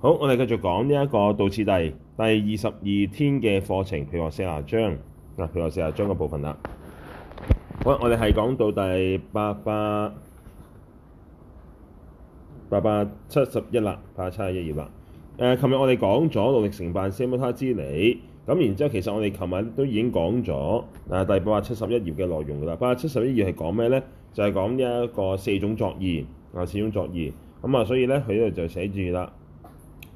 好，我哋繼續講呢一個道次第第二十二天嘅課程，譬如話四啊章嗱，譬如話四啊章嘅部分啦。好，我哋係講到第八百八百七十一啦，八百七十一頁啦。誒、呃，琴日我哋講咗努力承辦奢摩他之理，咁然之後其實我哋琴日都已經講咗嗱第八百七十一頁嘅內容噶啦。八百七十一頁係講咩咧？就係講呢一個四種作意啊，四種作意咁啊，所以咧佢呢度就寫住啦。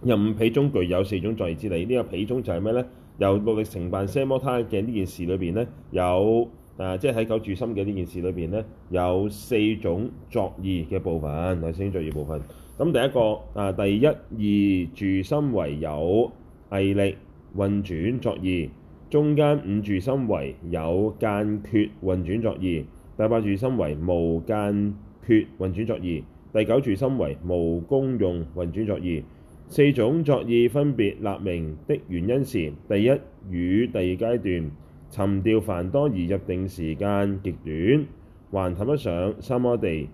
壬五、脾中具有四種作意之理。呢個脾中就係咩咧？由努力承辦奢摩他嘅呢件事裏邊咧，有啊，即係喺九住心嘅呢件事裏邊咧，有四種作意嘅部分，四種作意部分。咁第一個啊，第一二住心為有勵力運轉作意，中間五住心為有間缺運轉作意，第八住心為無間缺運轉作意，第九住心為無功用運轉作意。四種作意分別立名的原因是：第一與第二階段，沉掉繁多而入定時間極短，還談不上三摩地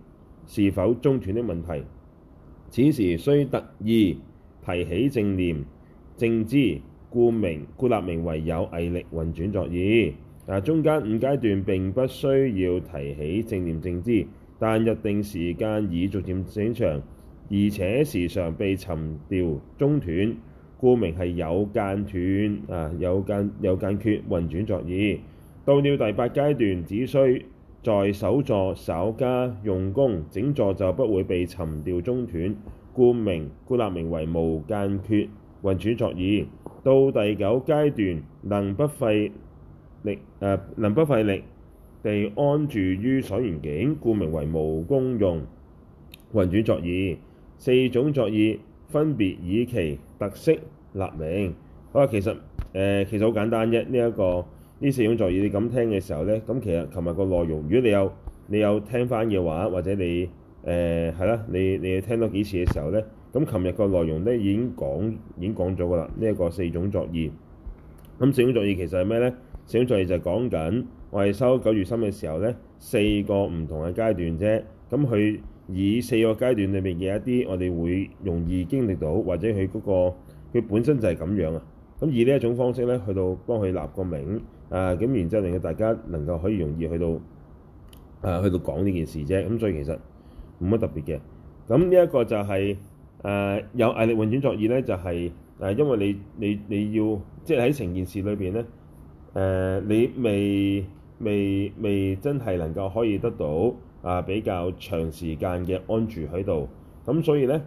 是否中斷的問題。此時需特意提起正念、正知，故名，故立名為有勵力運轉作意。但中間五階段並不需要提起正念、正知，但入定時間已逐漸延長，而且時常被沉掉中斷，故名係有間斷啊，有間有間缺運轉作意。到了第八階段，只需在座首稍加用功，整座就不會被沉掉中斷，故名故立名為無間缺運轉作意。到第九階段，能不費力誒、呃，能不費力地安住於所緣境，故名為無功用運轉作意。四種作意分別以其特色立名，啊，其實誒、呃、其實好簡單啫。呢、這、一個呢四種作意你咁聽嘅時候咧，咁其實琴日個內容，如果你有你有聽翻嘅話，或者你誒係啦，你你聽多幾次嘅時候咧，咁琴日個內容咧已經講已經講咗㗎啦。呢一、這個四種作意，咁四種作意其實係咩咧？四種作意就係講緊維修九住心嘅時候咧，四個唔同嘅階段啫，咁佢。以四個階段裏面嘅一啲，我哋會容易經歷到，或者佢嗰個佢本身就係咁樣啊。咁以呢一種方式咧，去到幫佢立個名啊，咁然之後令到大家能夠可以容易去到啊，去到講呢件事啫。咁所以其實冇乜特別嘅。咁呢一個就係誒有勵力運轉作意咧，就係誒因為你你你要即係喺成件事裏邊咧，誒你未未未真係能夠可以得到。啊，比較長時間嘅安住喺度，咁所以咧，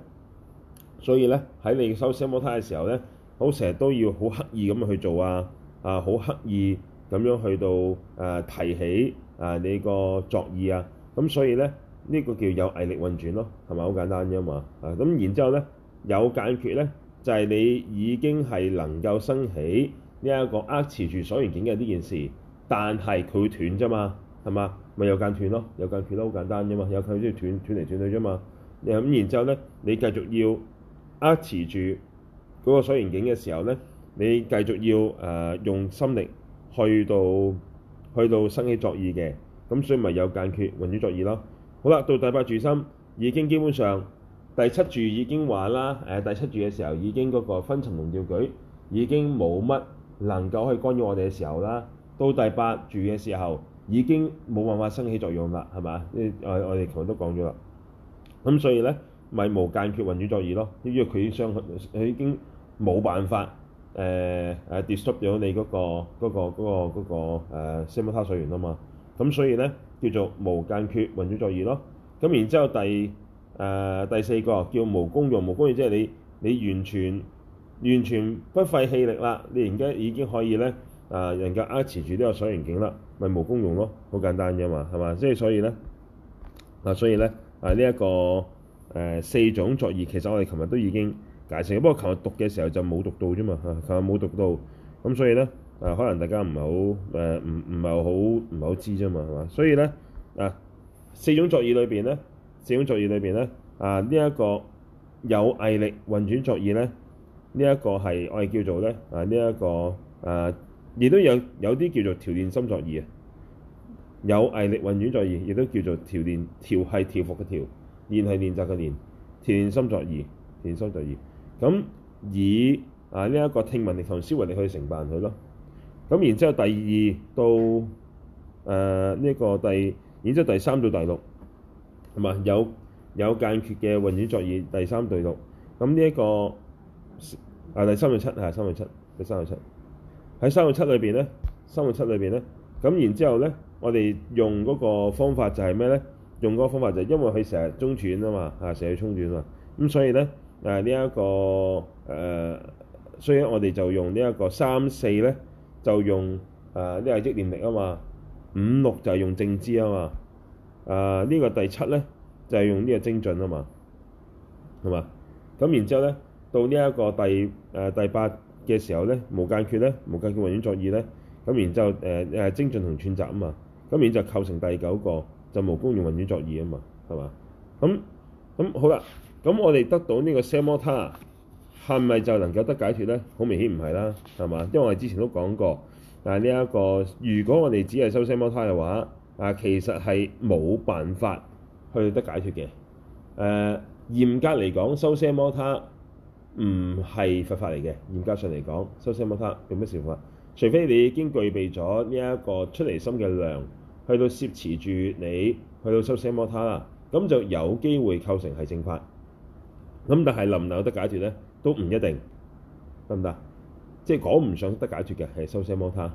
所以咧喺你修奢摩他嘅時候咧，好成日都要好刻意咁去做啊，啊好刻意咁樣去到誒、啊、提起啊你個作意啊，咁所以咧呢、這個叫有勵力運轉咯，係咪好簡單啫嘛？啊咁然之後咧有間缺咧就係、是、你已經係能夠生起呢一個持住所緣境嘅呢件事，但係佢斷啫嘛。係嘛？咪有間斷咯，有間斷咯，好簡單啫嘛。有佢先斷斷嚟斷去啫嘛。咁然之後咧，你繼續要把持住嗰個所緣境嘅時候咧，你繼續要誒、呃、用心力去到去到生起作意嘅咁，所以咪有間缺運轉作意咯。好啦，到第八住心已經基本上第七住已經話啦，誒第七住嘅時候已經嗰個分層同掉舉已經冇乜能夠去干擾我哋嘅時候啦。到第八住嘅時候，已經冇辦法升起作用啦，係、呃、嘛？呢我我哋頭都講咗啦。咁所以咧咪無間缺運轉作業咯，因為佢已經佢佢已經冇辦法誒誒 disturb 咗你嗰個嗰個嗰個嗰個誒 stable 水源啊嘛。咁所以咧叫做無間缺運轉作業咯。咁然後之後第誒、呃、第四個叫無功用無功用，即係你你完全完全不費氣力啦。你而家已經可以咧誒，能夠呃持住呢個水源景啦。咪無功用咯，好簡單啫嘛，係嘛？即係所以咧，啊，所以咧，啊，呢、這、一個誒、呃、四種作意，其實我哋琴日都已經解釋，不過琴日讀嘅時候就冇讀到啫嘛，嚇、啊，琴日冇讀到，咁所以咧，啊，可能大家唔係好誒，唔唔係好唔係好知啫嘛，係嘛？所以咧，啊，四種作意裏邊咧，四種作意裏邊咧，啊，呢、這、一個有勵力運轉作意咧，呢、這、一個係我哋叫做咧，啊，呢、這、一個誒。啊亦都有有啲叫做調練心作意啊，有勵力運轉作意，亦都叫做調練，調係調伏嘅調，練係練習嘅練，調練心作意，調練心作意。咁以啊呢一個聽聞力同思維力去承辦佢咯。咁然之後第二到誒呢、啊這個第，然之後第三到第六，係嘛？有有間缺嘅運轉作意，第三到六。咁呢一個啊第三六七係三六七，第三六七。喺三到七裏邊咧，三到七裏邊咧，咁然後之後咧，我哋用嗰個方法就係咩咧？用嗰個方法就係因為佢成日中斷啊嘛，嚇成日中斷啊，咁、啊啊、所以咧，誒呢一個誒、啊，所以我哋就用呢一個三四咧，就用誒呢個正念力啊嘛，五六就係用正知啊嘛，誒、啊、呢、這個第七咧就係、是、用呢個精進啊嘛，係嘛？咁然後之後咧，到呢一個第誒、啊、第八，嘅時候咧，無間缺咧，無間缺運轉作意咧，咁然之後誒誒、呃、精進同串習啊嘛，咁然之後構成第九個就無功用運轉作意啊嘛，係嘛？咁咁好啦，咁我哋得到呢個三摩他係咪就能夠得解脫咧？好明顯唔係啦，係嘛？因為我哋之前都講過，但係呢一個如果我哋只係修三摩他嘅話，啊其實係冇辦法去得解脫嘅。誒、啊、嚴格嚟講，修三摩他。唔係佛法嚟嘅，嚴格上嚟講，修奢摩他並冇咩善法。除非你已經具備咗呢一個出離心嘅量，去到攝持住你去到修奢摩他啦，咁就有機會構成係正法。咁但係能唔能有得解脫咧？都唔一定得唔得？即係講唔上得解脫嘅係修奢摩他。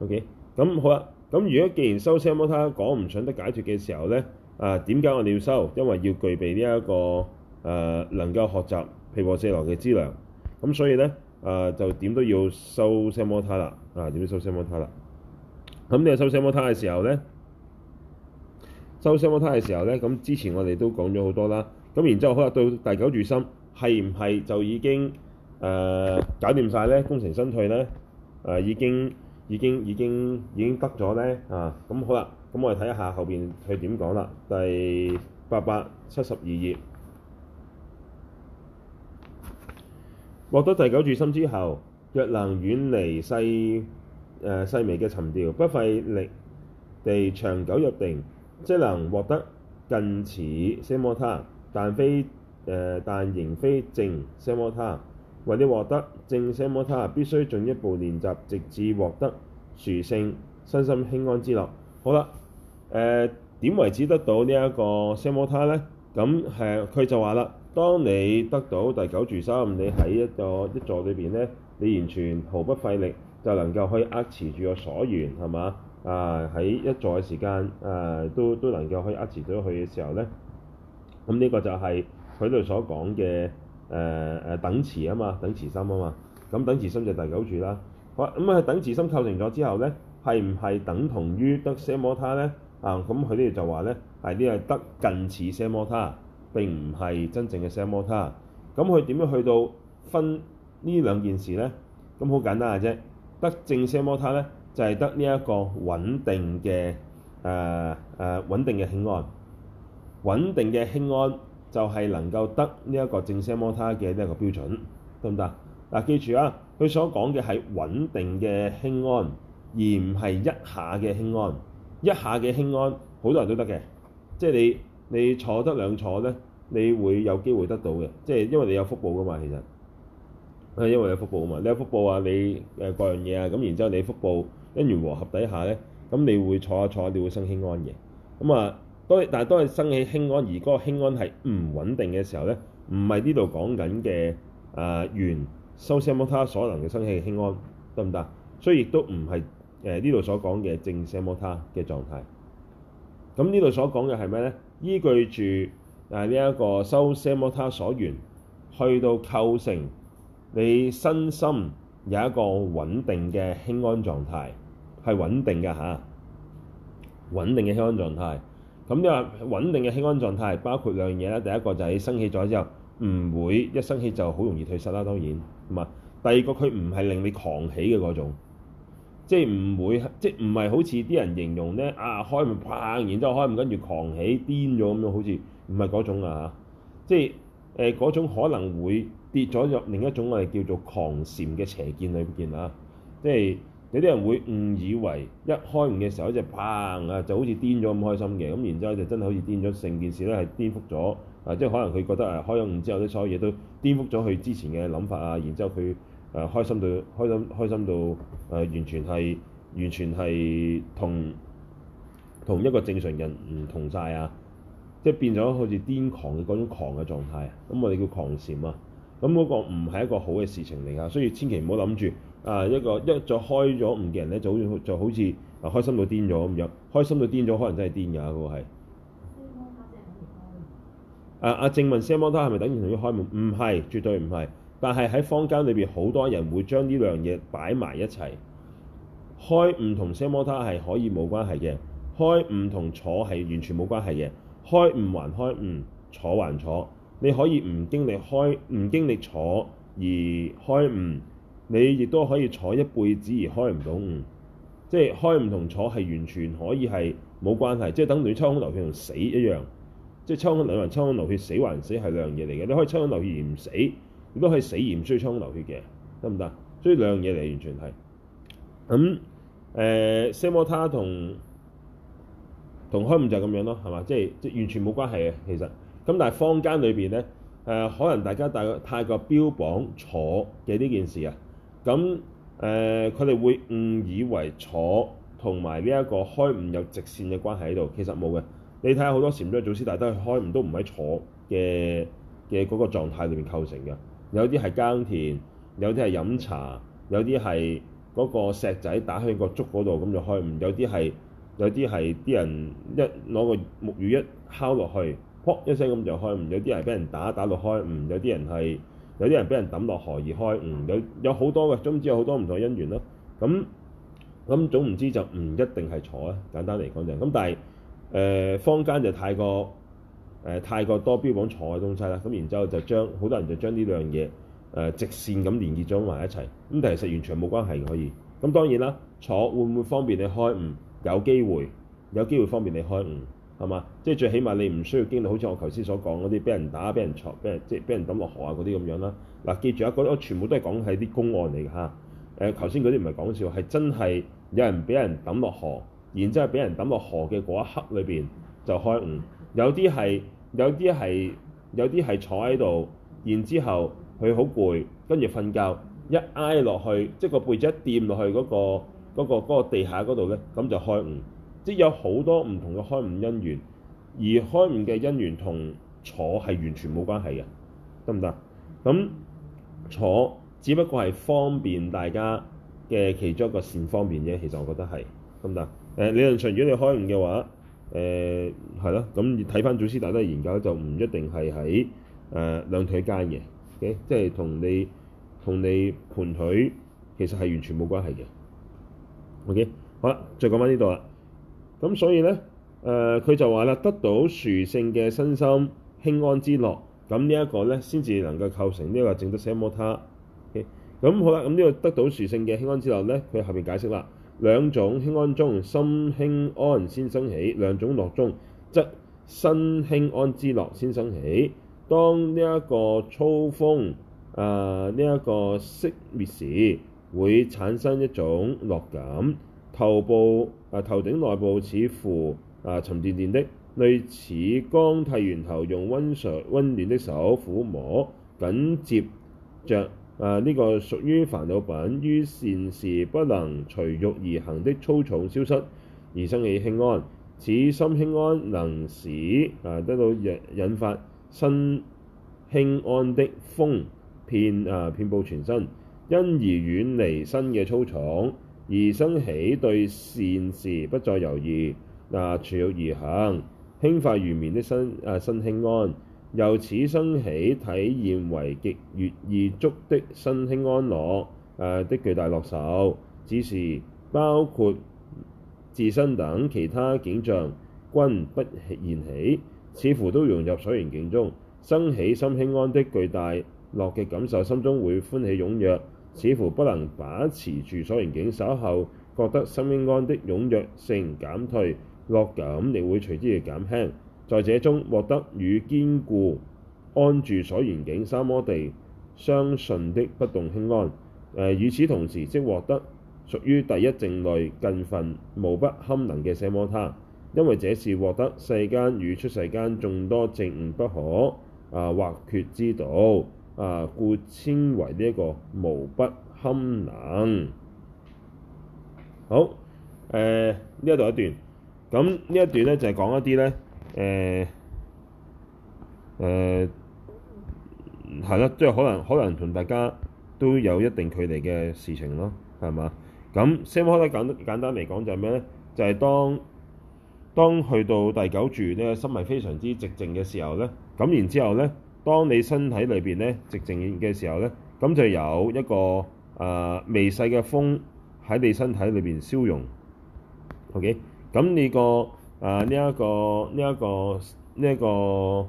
OK，咁好啦。咁如果既然修奢摩他講唔上得解脫嘅時候咧，啊點解我哋要修？因為要具備呢、這、一個誒、呃、能夠學習。皮黃四郎嘅資料，咁所以呢，呃、就點都要修奢摩他啦，啊點要修奢摩他啦？咁你又修奢摩他嘅時候呢？修奢摩他嘅時候呢？咁之前我哋都講咗好多啦。咁然之後好，好啦，到第九住心係唔係就已經、呃、搞掂曬咧？功成身退呢？誒、呃、已經已經已經已經得咗呢。啊，咁好啦，咁我哋睇一下後面佢點講啦。第八百七十二頁。獲得第九住心之後，若能遠離細誒、呃、細微嘅沉掉，不費力地長久入定，即能獲得近似奢摩他，但非誒、呃、但仍非正奢摩他。為了獲得正奢摩他，必須進一步練習，直至獲得殊勝身心輕安之樂。好啦，誒點維持得到、這個、呢一個奢摩他咧？咁係佢就話啦。當你得到第九住心，你喺一個一座裏邊咧，你完全毫不費力就能夠可以握持住個所緣係嘛？啊喺一座嘅時間，啊都都能夠可以握持到佢嘅時候咧，咁、嗯、呢、這個就係佢哋所講嘅誒誒等持啊嘛，等持、啊、心啊嘛。咁、嗯、等持心就第九住啦。好啦，咁、嗯、啊等持心構成咗之後咧，係唔係等同於得 samatha 咧？啊咁佢哋就話咧係呢係得近似 samatha。並唔係真正嘅奢摩他，咁佢點樣去到分呢兩件事呢？咁好簡單嘅啫，得正奢摩他咧，就係、是、得呢一個穩定嘅誒誒穩定嘅輕安，穩定嘅輕安就係能夠得呢一個正奢摩他嘅呢一個標準，得唔得？嗱、啊、記住啊，佢所講嘅係穩定嘅輕安，而唔係一下嘅輕安，一下嘅輕安好多人都得嘅，即係你。你坐得兩坐咧，你會有機會得到嘅，即係因為你有福報噶嘛。其實係因為你有福報啊嘛。你有福報啊，你誒各樣嘢啊，咁然之後你福報因緣和合底下咧，咁你會坐一坐著你會生輕安嘅。咁啊，當但係當你生起輕安，而嗰個輕安係唔穩定嘅時候咧，唔係呢度講緊嘅圓修奢摩他所能嘅生起輕安，得唔得？所以亦都唔係誒呢度所講嘅正奢摩他嘅狀態。咁呢度所講嘅係咩咧？依據住啊呢一個修奢摩他所緣去到構成你身心有一個穩定嘅輕安狀態，係穩定嘅嚇、啊，穩定嘅輕安狀態。咁你話穩定嘅輕安狀態包括兩樣嘢啦，第一個就係你生氣咗之後唔會一生氣就好容易退失啦，當然同埋第二個佢唔係令你狂起嘅嗰種。即係唔會，即係唔係好似啲人形容咧，啊開門砰，然之後開門跟住狂起，癲咗咁樣，好似唔係嗰種啊，即係誒嗰種可能會跌咗入另一種我哋叫做狂禪嘅邪見裏邊啊。即係有啲人會誤以為一開門嘅時候好似砰啊，就好似癲咗咁開心嘅，咁然之後就真係好似癲咗成件事咧，係顛覆咗啊！即係可能佢覺得啊，開咗門之後啲所有嘢都顛覆咗佢之前嘅諗法啊，然之後佢。誒、啊、開心到開心開心到誒、啊、完全係完全係同同一個正常人唔同晒啊！即係變咗好似癲狂嘅嗰種狂嘅狀態啊！咁我哋叫狂禪啊！咁、那、嗰個唔係一個好嘅事情嚟、啊、噶，所以千祈唔好諗住啊！一個一再開咗唔嘅人咧，就好就好似啊開心到癲咗咁樣，開心到癲咗，可能真係癲噶，嗰個係。阿阿正問奢摩他係咪等於同要開門？唔係，絕對唔係。但係喺坊間裏邊，好多人會將呢兩樣嘢擺埋一齊，開悟同奢摩他係可以冇關係嘅，開悟同坐係完全冇關係嘅，開悟還開悟，坐還坐，你可以唔經歷開唔經歷坐而開悟，你亦都可以坐一輩子而開唔到悟，即係開悟同坐係完全可以係冇關係，即係等於抽空流血同死一樣，即係抽空流血還抽空流血，死還死係兩樣嘢嚟嘅，你可以抽空流血而唔死。都係死鹽追傷流血嘅，得唔得？所以兩樣嘢嚟完全係咁誒。s a t m o t a 同同開悟就係咁樣咯，係嘛？即係即係完全冇關係嘅其實。咁但係坊間裏邊咧誒，可能大家太過太過標榜坐嘅呢件事啊，咁誒佢哋會誤以為坐同埋呢一個開悟有直線嘅關係喺度，其實冇嘅。你睇下好多禪宗嘅祖師，大都是開悟都唔喺坐嘅嘅嗰個狀態裏邊構成嘅。有啲係耕田，有啲係飲茶，有啲係嗰個石仔打向個竹嗰度咁就開悟，有啲係有啲係啲人一攞個木魚一敲落去，卟一聲咁就開悟，有啲係俾人打打落開悟，有啲人係有啲人俾人抌落河而開悟，有有好多嘅，總之有好多唔同嘅因緣咯。咁咁總唔知就唔一定係錯啊。簡單嚟講就係咁，但係誒、呃、坊間就太過。誒太過多標榜坐嘅東西啦，咁然之後就將好多人就將呢兩嘢誒、呃、直線咁連結咗埋一齊，咁其實完全冇關係可以。咁當然啦，坐會唔會方便你開悟？有機會，有機會方便你開悟係嘛？即係、就是、最起碼你唔需要經歷，好似我頭先所講嗰啲俾人打、俾人坐、俾人即係俾人抌落河那些那啊嗰啲咁樣啦。嗱，記住啊，我全部都係講係啲公案嚟嘅嚇。誒頭先嗰啲唔係講笑，係真係有人俾人抌落河，然之後俾人抌落河嘅嗰一刻裏邊就開悟。有啲係，有啲係，有啲係坐喺度，然之後佢好攰，跟住瞓覺，一挨落去，即係個背脊一掂落去嗰個地下嗰度咧，咁就開悟。即係有好多唔同嘅開悟因緣，而開悟嘅因緣同坐係完全冇關係嘅，得唔得？咁坐只不過係方便大家嘅其中一個善方便啫。其實我覺得係，得唔得？誒，理論上如果你開悟嘅話。誒係咯，咁睇翻祖師大德研究就唔一定係喺誒兩腿間嘅，O K，即係同你同你盤腿其實係完全冇關係嘅，O K，好啦，再講翻呢度啦，咁所以咧誒佢就話啦，得到殊勝嘅身心輕安之樂，咁呢一個咧先至能夠構成呢個正等奢摩他，O K，咁好啦，咁呢個得到殊勝嘅輕安之樂咧，佢下邊解釋啦。兩種輕安中，心輕安先生起；兩種樂中，則身輕安之樂先生起。當呢一個粗風啊，呢、這、一個熄滅時，會產生一種樂感，頭部啊頭頂內部似乎啊沉甸甸的，類似剛剃完頭用溫水溫暖的手撫摸，緊接著。啊！呢、這個屬於煩惱品，於善事不能隨欲而行的粗重消失而生起輕安，此心輕安能使啊得到引引發身輕安的風遍啊遍佈全身，因而遠離身嘅粗重，而生起對善事不再猶豫、啊，隨欲而行，輕快如棉的身啊身輕安。由此生起體驗為極悅意觸的身輕安樂，的巨大樂受，只是包括自身等其他景象均不現起，似乎都融入所緣境中，生起心輕安的巨大樂嘅感受，心中會歡喜踴躍，似乎不能把持住所緣境守，稍後覺得心輕安的踴躍性減退，樂感亦會隨之而減輕。在這中獲得與堅固安住所緣境三摩地相順的不動輕安。誒、呃，與此同時即獲得屬於第一靜慮近分無不堪能嘅奢摩他，因為這是獲得世間與出世間眾多證悟不可啊或缺之道啊，故稱為呢一個無不堪能。好，誒、呃、呢一段，咁呢一段咧就係、是、講一啲咧。誒誒係啦，即係、呃呃、可能可能同大家都有一定距離嘅事情咯，係嘛？咁 Sam 哥咧簡簡單嚟講就係咩咧？就係、是、當當去到第九住咧，心係非常之寂靜嘅時候咧，咁然之後咧，當你身體裏邊咧寂靜嘅時候咧，咁就有一個啊、呃、微細嘅風喺你身體裏邊消融。OK，咁呢、這個啊！呢一個呢一個呢一個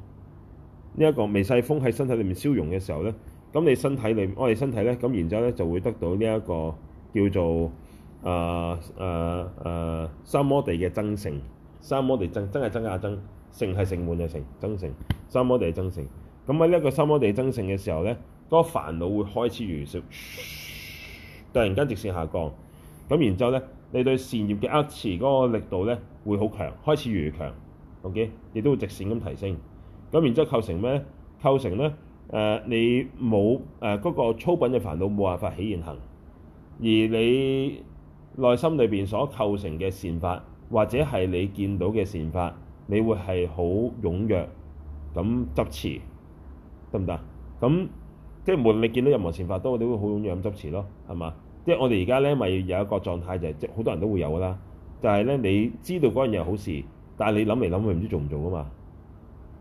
呢一個微細風喺身體裏面消融嘅時候咧，咁你身體裏我哋身體咧，咁然之後咧就會得到呢一個叫做啊啊啊三摩地嘅增勝，三摩地增真係增啊增，勝係勝滿嘅，勝增勝，三摩地增勝。咁喺呢一個三摩地增勝嘅時候咧，個煩惱會開始如少，突然間直線下降，咁然之後咧。你對善業嘅扼持嗰個力度咧，會好強，開始越嚟越強，OK，亦都會直線咁提升。咁然之後構成咩咧？構成咧，誒、呃、你冇誒嗰個粗品嘅煩惱，冇辦法起現行。而你內心裏邊所構成嘅善法，或者係你見到嘅善法，你會係好踴躍咁執持，得唔得？咁即係無論你見到任何善法，都你會好踴躍咁執持咯，係嘛？即係我哋而家咧，咪有一個狀態、就是，就係即係好多人都會有噶啦。就係、是、咧，你知道嗰樣嘢係好事，但係你諗嚟諗去唔知做唔做噶嘛，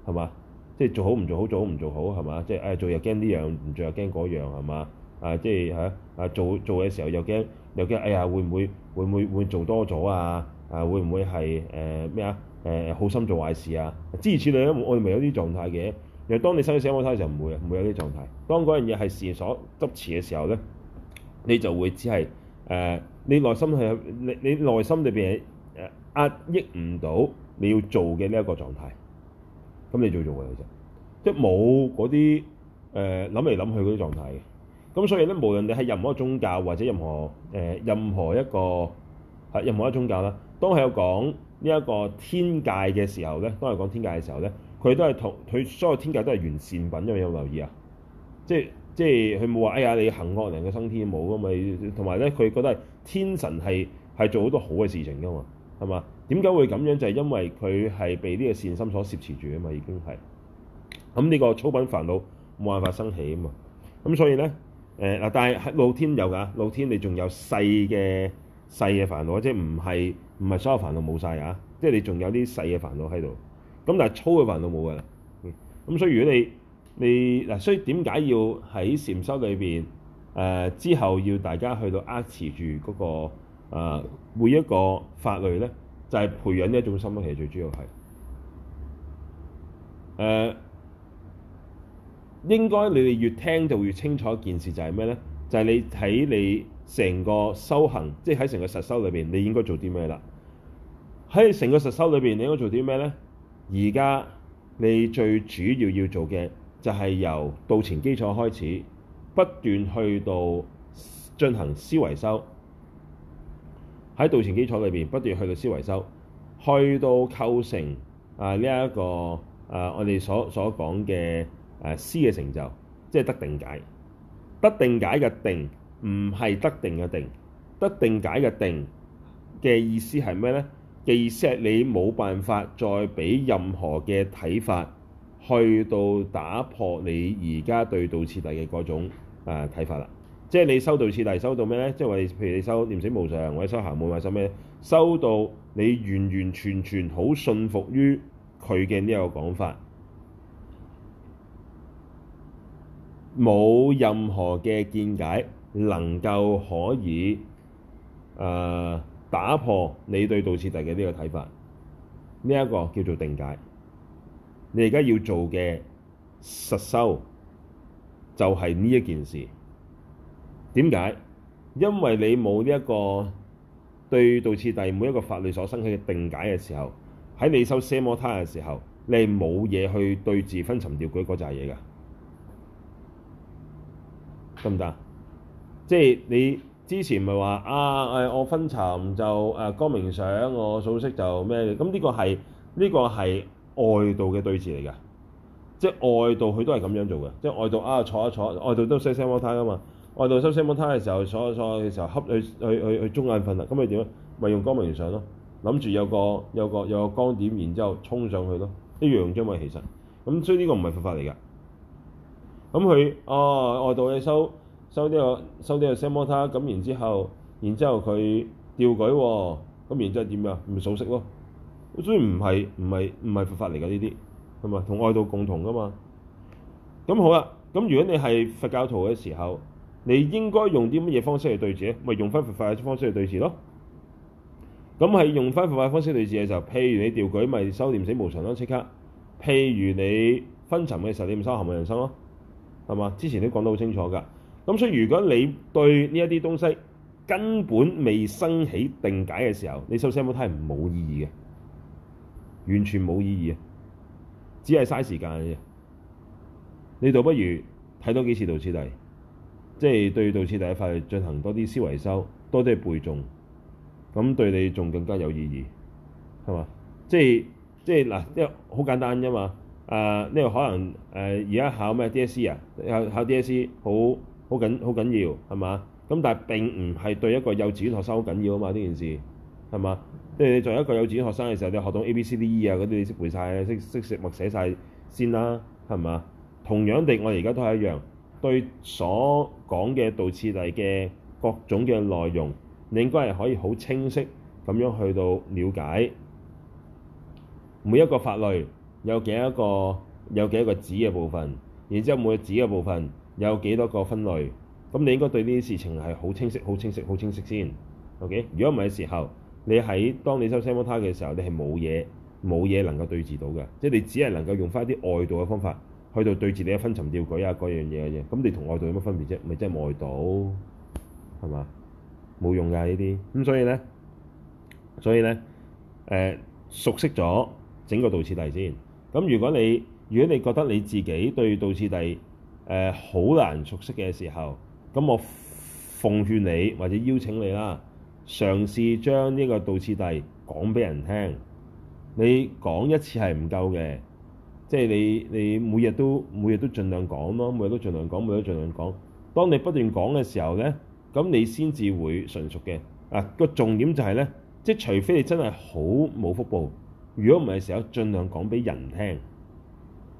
係嘛？即係做好唔做好，做好唔做好，係嘛？即係誒做又驚呢樣，唔做又驚嗰樣，係嘛？啊，即係嚇啊，做做嘅時候又驚又驚，哎呀，會唔會會唔會會,會,會做多咗啊？啊，會唔會係誒咩啊？誒、呃呃、好心做壞事啊？諸如此類我哋咪有啲狀態嘅。然後當你生於死亡嘅時候，唔會啊，唔會有啲狀態。當嗰樣嘢係事所執持嘅時候咧。你就會只係誒、呃，你內心係你你內心裏邊係壓抑唔到你要做嘅呢一個狀態，咁你就做唔做嘅其實，即係冇嗰啲誒諗嚟諗去嗰啲狀態嘅。咁所以咧，無論你係任何一宗教或者任何誒、呃、任何一個係、啊、任何一宗教啦，當係有講呢一個天界嘅時候咧，當係講天界嘅時候咧，佢都係同佢所有天界都係完善品，因為有冇留意啊？即係。即係佢冇話，哎呀，你行惡人嘅生天冇㗎嘛，同埋咧，佢覺得係天神係係做好多好嘅事情㗎嘛，係嘛？點解會咁樣？就係、是、因為佢係被呢個善心所攝持住啊嘛，已經係咁呢個粗品煩惱冇辦法生起啊嘛。咁所以咧，誒、呃、嗱，但係喺露天有㗎，露天你仲有細嘅細嘅煩惱，即係唔係唔係所有煩惱冇晒啊？即係你仲有啲細嘅煩惱喺度。咁但係粗嘅煩惱冇㗎啦。咁所以如果你你嗱，所以點解要喺禪修裏邊？誒、呃，之後要大家去到扼持住嗰、那個、呃、每一個法類咧，就係、是、培養呢一種心。其實最主要係誒、呃，應該你哋越聽就越清楚一件事就，就係咩咧？就係你喺你成個修行，即係喺成個實修裏邊，你應該做啲咩啦？喺成個實修裏邊，你應該做啲咩咧？而家你最主要要做嘅。就係由道前基礎開始，不斷去到進行思維修，喺道前基礎裏邊不斷去到思維修，去到構成啊呢一個啊我哋所所講嘅誒思嘅成就，即係得定解。得定解嘅定唔係得定嘅定，得定解嘅定嘅意思係咩咧？即係你冇辦法再俾任何嘅睇法。去到打破你而家對道次第嘅嗰種睇、呃、法啦，即係你修道次第，修到咩咧？即係話，譬如你修念死無常，或者修行無，或者修咩？修到你完完全全好信服於佢嘅呢個講法，冇任何嘅見解能夠可以誒、呃、打破你對道次第嘅呢個睇法，呢、這、一個叫做定解。你而家要做嘅實修就係呢一件事。點解？因為你冇呢一個對道次第每一個法律所生起嘅定解嘅時候，喺你修奢摩他嘅時候，你冇嘢去對治昏沉掉舉嗰扎嘢㗎。得唔得？即係你之前咪話啊誒，我昏沉就誒光明想，我數息就咩嘅？咁呢個係呢、呢個係。外道嘅對峙嚟噶，即係外道佢都係咁樣做嘅，即係外道啊坐一坐，外道都修三摩地啊嘛，外道修三摩地嘅時候坐一坐嘅時候恰佢去去去，去，去中眼瞓啦，咁咪點啊？咪用光明想咯、啊，諗住有個有個有個光點，然之後衝上去咯、啊，一樣啫嘛。其實。咁所以呢個唔係佛法嚟噶，咁佢啊，外道你修修呢、這個修啲個三摩地咁，然之後然之後佢掉舉喎，咁然之後點啊？咪數息咯。所以唔係唔係唔係佛法嚟㗎，呢啲係咪同外道共同㗎嘛那？咁好啦。咁如果你係佛教徒嘅時候，你應該用啲乜嘢方式去對峙咧？咪用翻佛法嘅方式去對峙咯。咁係用翻佛法嘅方式對峙嘅時候，譬如你調舉咪修念死無常咯，即刻。譬如你分沉嘅時候，你唔收含霧人生咯，係嘛？之前都講得好清楚㗎。咁所以如果你對呢一啲東西根本未生起定解嘅時候，你修冇睇，係冇意義嘅。完全冇意義啊！只係嘥時間嘅啫。你倒不如睇多幾次道次第，即係對道次第法律進行多啲思維修，多啲背誦，咁對你仲更加有意義，係嘛？即係即係嗱，呢個好簡單啫嘛。誒呢個可能誒而家考咩 DSE 啊？考考 DSE 好好緊好緊要係嘛？咁但係並唔係對一個幼稚園學生好緊要啊嘛呢件事。係嘛？即係你作為一個幼稚園學生嘅時候，你學到 A、B、C、D、E 啊嗰啲，你識背晒，識識默寫晒先啦。係嘛？同樣地，我哋而家都係一樣對所講嘅道次第嘅各種嘅內容，你應該係可以好清晰咁樣去到了解每一個法類有幾多個有幾多個子嘅部分，然之後每個子嘅部分有幾多個分類，咁你應該對呢啲事情係好清晰、好清晰、好清晰先。OK，如果唔係嘅時候，你喺當你收奢摩他嘅時候，你係冇嘢冇嘢能夠對峙到嘅，即係你只係能夠用翻一啲外道嘅方法去到對峙你嘅分沉掉舉啊，各樣嘢嘅啫。咁你同外道有乜分別啫？咪即係外道，係嘛？冇用㗎呢啲，咁所以咧，所以咧，誒、呃、熟悉咗整個道次第先。咁如果你如果你覺得你自己對道次第誒好難熟悉嘅時候，咁我奉勸你或者邀請你啦。嘗試將呢個道次第講俾人聽，你講一次係唔夠嘅，即係你你每日都每日都盡量講咯，每日都盡量講，每日都盡量講。當你不斷講嘅時候咧，咁你先至會純熟嘅。啊，個重點就係咧，即係除非你真係好冇福報，如果唔係嘅時候，盡量講俾人聽，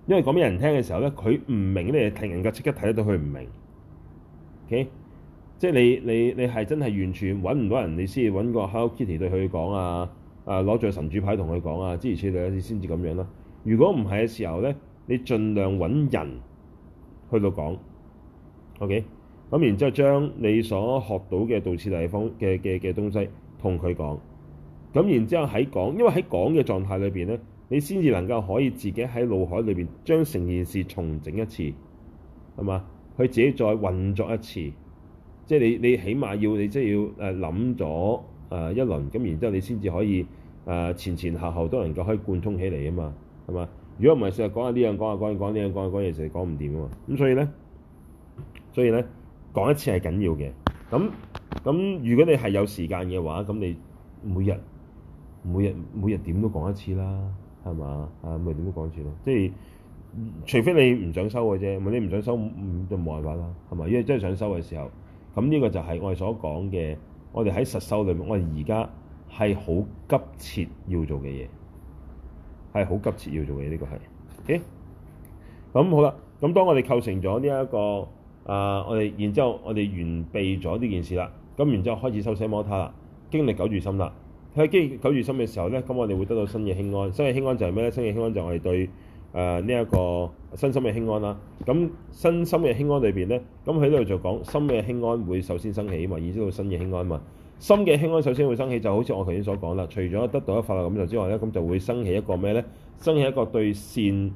因為講俾人聽嘅時候咧，佢唔明你係睇，能夠即刻睇得到佢唔明。Okay？即係你，你你係真係完全揾唔到人，你先至揾個 hello kitty 對佢講啊。啊，攞著神主牌同佢講啊，諸如此類似類似先至咁樣啦。如果唔係嘅時候咧，你盡量揾人去到講。OK，咁然之後將你所學到嘅導師地方嘅嘅嘅東西同佢講。咁然之後喺講，因為喺講嘅狀態裏邊咧，你先至能夠可以自己喺腦海裏邊將成件事重整一次，係嘛？佢自己再運作一次。即係你，你起碼要你即係要誒諗咗誒一輪，咁然之後你先至可以誒、呃、前前後後都能夠可以貫通起嚟啊嘛，係嘛？如果唔係成日講下呢樣，講下講嘢講呢樣，講下講嘢，成日講唔掂啊嘛。咁所以咧，所以咧講一次係緊要嘅。咁咁如果你係有時間嘅話，咁你每日每日每日點都講一次啦，係嘛？啊，咪點都講一次咯。即係除非你唔想收嘅啫，咪你唔想收，就冇辦法啦，係嘛？因為真係想收嘅時候。咁呢個就係我哋所講嘅，我哋喺實修裏面，我哋而家係好急切要做嘅嘢，係好急切要做嘅嘢。呢、這個係咁、okay? 好啦，咁當我哋構成咗呢一個啊、呃，我哋然之後我哋完備咗呢件事啦，咁然之後開始修奢摩他啦，經歷九住心啦。喺經九住心嘅時候呢，咁我哋會得到新嘅輕安，新嘅輕安就係咩呢？新嘅輕安就係我哋對。誒呢一個身心嘅輕安啦，咁身心嘅輕安裏邊咧，咁喺度就講心嘅輕安會首先生起嘛，意識到心嘅輕安嘛，心嘅輕安首先會生起，就好似我頭先所講啦。除咗得到一法啊感受之外咧，咁就會生起一個咩咧？生起一個對善誒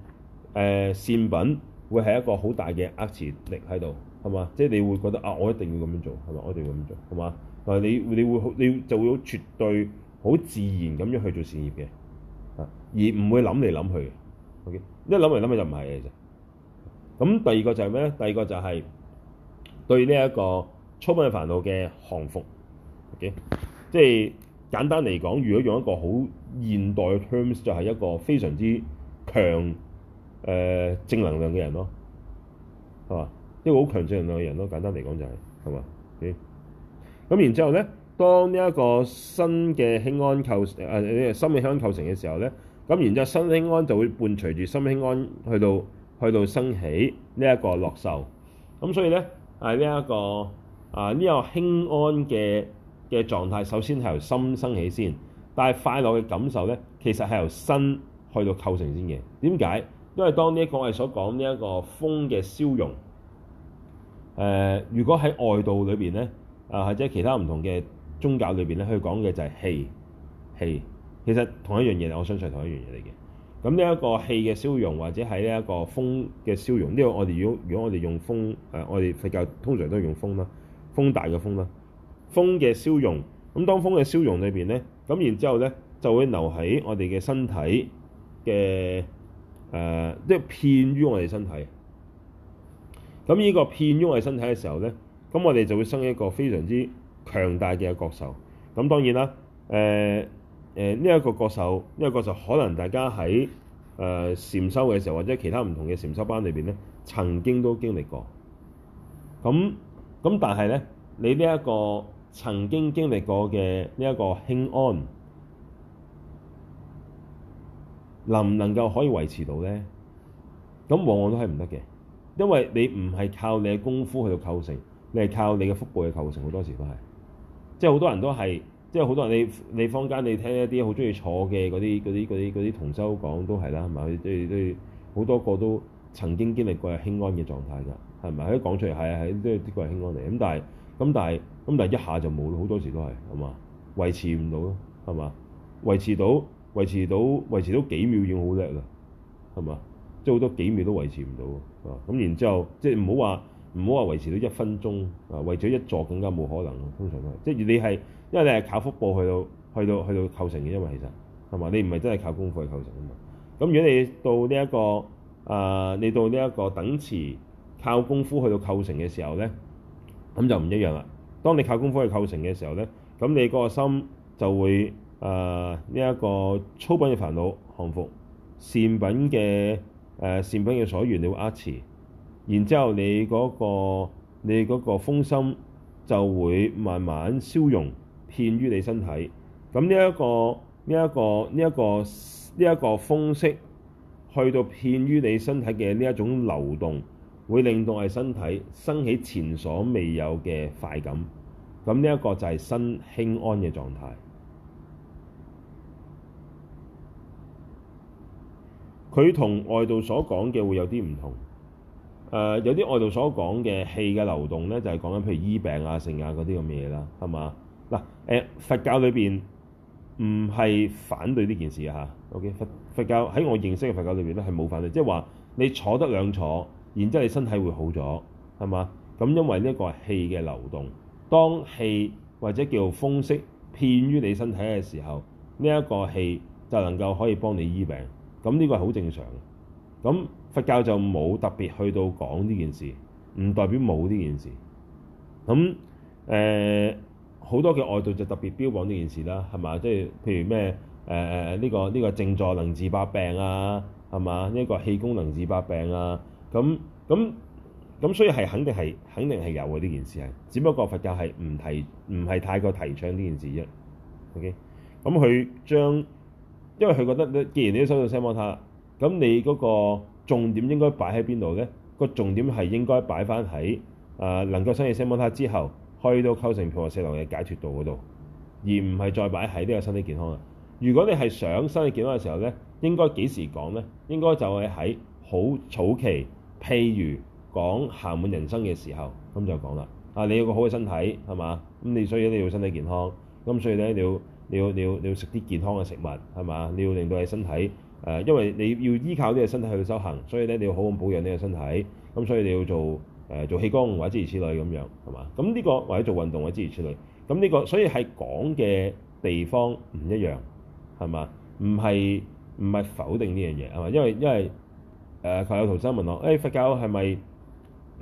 善品會係一個好大嘅壓持力喺度，係嘛？即係你會覺得啊，我一定要咁樣做，係嘛？我一定要咁樣做，係嘛？但係你你會你就會絕對好自然咁樣去做善業嘅，啊，而唔會諗嚟諗去。O.K. 一諗嚟諗咪就唔係嘅啫。咁第二個就係咩咧？第二個就係對呢一個粗品嘅煩惱嘅降服。O.K. 即係簡單嚟講，如果用一個好現代嘅 terms，就係、是、一個非常之強誒、呃、正能量嘅人咯，係嘛？就是、一個好強正能量嘅人咯，簡單嚟講就係係嘛咁然之後咧，當呢一個新嘅心輕安構誒心理輕安構成嘅時候咧。咁然之後，心輕安就會伴隨住心輕安去到去到升起呢一、這個樂受。咁所以咧，係呢一個啊呢、這個輕安嘅嘅狀態，狀態首先係由心升起先。但係快樂嘅感受咧，其實係由身去到構成先嘅。點解？因為當呢、這、一個我哋所講呢一個風嘅消融，誒，如果喺外道裏邊咧，啊，或者其他唔同嘅宗教裏邊咧，佢講嘅就係氣氣。其實同一樣嘢，我相信同一樣嘢嚟嘅。咁呢一個氣嘅消融，或者係呢一個風嘅消融。呢、呢個我哋如果如果我哋用風，誒、呃、我哋佛教通常都用風啦，風大嘅風啦，風嘅消融。咁當風嘅消融裏邊咧，咁然之後咧就會留喺我哋嘅身體嘅誒，即係遍於我哋身體。咁呢個遍於我哋身體嘅時候咧，咁我哋就會生一個非常之強大嘅覺受。咁當然啦，誒、呃。誒呢一個覺受，呢、這、一個就可能大家喺誒禪修嘅時候，或者其他唔同嘅禪修班裏邊咧，曾經都經歷過。咁咁，但係咧，你呢一個曾經經歷過嘅呢一個輕安，能唔能夠可以維持到咧？咁往往都係唔得嘅，因為你唔係靠你嘅功夫去到構成，你係靠你嘅福報去構成，好多時都係，即係好多人都係。即係好多人，你你坊間你聽一啲好中意坐嘅嗰啲嗰啲嗰啲啲同修講都係啦，係咪？佢都都好多個都曾經經歷過係輕安嘅狀態㗎，係咪？佢講出嚟係啊係，即係啲個係輕安嚟。咁但係咁但係咁但係一下就冇，好多時都係係嘛，維持唔到咯，係嘛？維持到維持到維持到幾秒已經好叻啦，係嘛？即係好多幾秒都維持唔到啊！咁然之後即係唔好話。唔好話維持到一分鐘，啊，為咗一座更加冇可能，通常都係。即係你係因為你係靠福報去到去到去到構成嘅，因為其實係嘛你唔係真係靠功夫去構成啊嘛。咁如果你到呢、這、一個啊、呃，你到呢一個等次靠功夫去到構成嘅時候咧，咁就唔一樣啦。當你靠功夫去構成嘅時候咧，咁你嗰個心就會啊呢一個粗品嘅煩惱降服，善品嘅誒、呃、善品嘅所緣，你會壓持。然之後你、那個，你嗰個你嗰個風心就會慢慢消融，遍於你身體。咁呢一個呢一、這個呢一、這個呢一、這個風息，去到遍於你身體嘅呢一種流動，會令到你身體生起前所未有嘅快感。咁呢一個就係身輕安嘅狀態。佢同外道所講嘅會有啲唔同。誒、呃、有啲外道所講嘅氣嘅流動咧，就係講緊譬如醫病啊、成啊嗰啲咁嘅嘢啦，係嘛？嗱、呃、誒，佛教裏邊唔係反對呢件事啊，嚇。O K，佛佛教喺我認識嘅佛教裏邊咧係冇反對，即係話你坐得兩坐，然之後你身體會好咗，係嘛？咁因為呢一個氣嘅流動，當氣或者叫風息遍於你身體嘅時候，呢、呢、一個氣就能夠可以幫你醫病，咁呢個係好正常咁。咁佛教就冇特別去到講呢件事，唔代表冇呢件事。咁誒，好多嘅外道就特別標榜呢件事啦，係嘛？即係譬如咩誒，呢個呢個靜坐能治百病啊，係嘛？呢個氣功能治百病啊。咁咁咁所以係肯定係肯定係有嘅呢件事係，只不過佛教係唔提唔係太過提倡呢件事啫。O.K. 咁，佢將因為佢覺得咧，既然你都修到 samatha，咁你嗰個重點應該擺喺邊度呢？個重點係應該擺翻喺誒能夠生起奢摩他之後，開到構成毗缽舍那嘅解脫道嗰度，而唔係再擺喺呢個身體健康啊！如果你係想身體健康嘅時候呢，應該幾時講呢？應該就係喺好早期，譬如講行滿人生嘅時候，咁就講啦。啊，你有個好嘅身體係嘛？咁你所以你要身體健康，咁所以咧你要，你要，你要，你要，你要食啲健康嘅食物係嘛？你要令到你身體。誒，因為你要依靠呢個身體去修行，所以咧你要好好保養呢個身體，咁所以你要做誒做氣功或者諸如此類咁樣，係嘛？咁呢、這個或者做運動或者諸如此類，咁呢、這個所以係講嘅地方唔一樣，係嘛？唔係唔係否定呢樣嘢啊嘛，因為因為誒佢、呃、有徒生問我，誒、哎、佛教係咪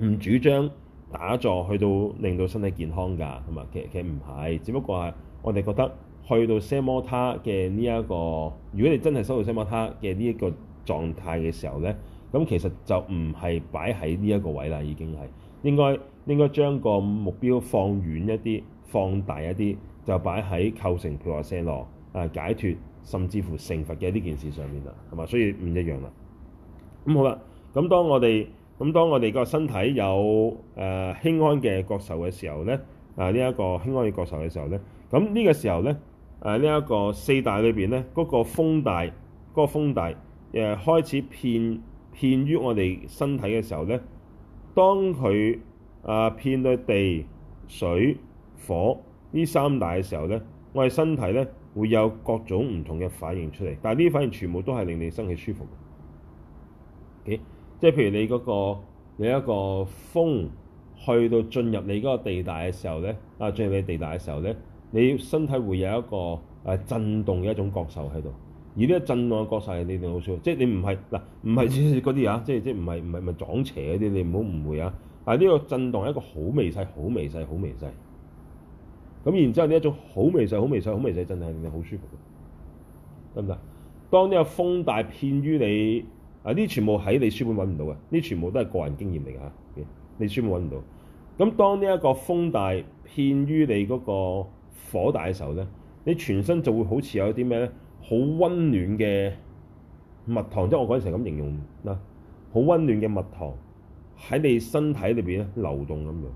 唔主張打坐去到令到身體健康㗎？係嘛？其實其實唔係，只不過係我哋覺得。去到奢摩他嘅呢一個，如果你真係收到奢摩他嘅呢一個狀態嘅時候咧，咁其實就唔係擺喺呢一個位啦，已經係應該應該將個目標放遠一啲，放大一啲，就擺喺構成佢阿薩羅,羅啊解脫，甚至乎成佛嘅呢件事上面啦，係嘛？所以唔一樣啦。咁好啦，咁當我哋咁當我哋個身體有誒、呃、輕安嘅覺受嘅時候咧，啊呢一、這個輕安嘅覺受嘅時候咧，咁呢個時候咧。誒呢一個四大裏邊咧，嗰、那個風大，嗰、那個風大誒、呃、開始遍遍於我哋身體嘅時候咧，當佢啊遍到地、水、火呢三大嘅時候咧，我哋身體咧會有各種唔同嘅反應出嚟。但係呢啲反應全部都係令你身體舒服嘅。Okay? 即係譬如你嗰、那個你一個風去到進入你嗰個地大嘅時候咧，啊進入你地大嘅時候咧。你身體會有一個誒振動嘅一種覺受喺度，而呢個震動嘅覺受係你哋好舒服，即係你唔係嗱唔係嗰啲啊，即係即係唔係唔係唔係撞邪嗰啲，你唔好誤會啊。但係呢個震動係一個好微細、好微細、好微細。咁然之後呢一種好微細、好微細、好微細，真係令你好舒服，得唔得？當呢個風大遍於你啊，呢全部喺你書本揾唔到嘅，呢全部都係個人經驗嚟㗎吓，你書本揾唔到。咁當呢一個風大遍於你嗰個。火大嘅時候咧，你全身就會好似有一啲咩咧，好溫暖嘅蜜糖，即係我嗰陣成日咁形容啦。好溫暖嘅蜜糖喺你身體裏邊咧流動咁樣，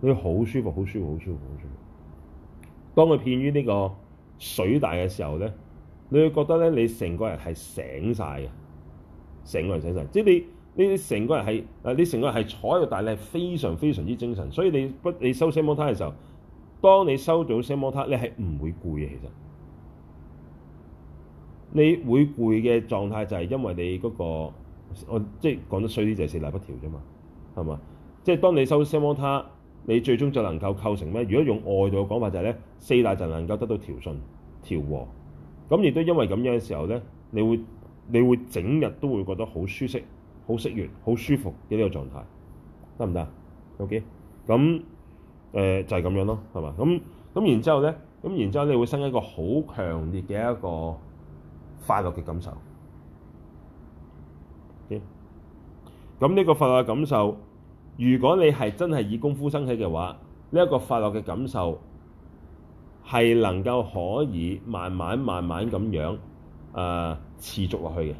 你好舒服，好舒服，好舒服，好舒服。當佢偏於呢個水大嘅時候咧，你會覺得咧，你成個人係醒晒嘅，成個人醒晒。即係你你成個人係啊，你成個人係坐喺度，但係你係非常非常之精神，所以你不你收聲網毯嘅時候。當你收到奢摩他，你係唔會攰嘅，其實，你會攰嘅狀態就係因為你嗰、那個，我即係講得衰啲就係、是、四大不調啫嘛，係嘛？即、就、係、是、當你收到奢摩他，你最終就能夠構成咩？如果用外道嘅講法就係、是、咧，四大就能夠得到調順、調和，咁亦都因為咁樣嘅時候咧，你會你會整日都會覺得好舒適、好適宜、好舒服嘅呢個狀態，得唔得？OK，咁。誒、呃、就係、是、咁樣咯，係嘛？咁咁然之後咧，咁然之後你會生一個好強烈嘅一個快樂嘅感受。咁、okay? 呢個快樂嘅感受，如果你係真係以功夫生起嘅話，呢、這、一個快樂嘅感受係能夠可以慢慢慢慢咁樣誒、呃、持續落去嘅。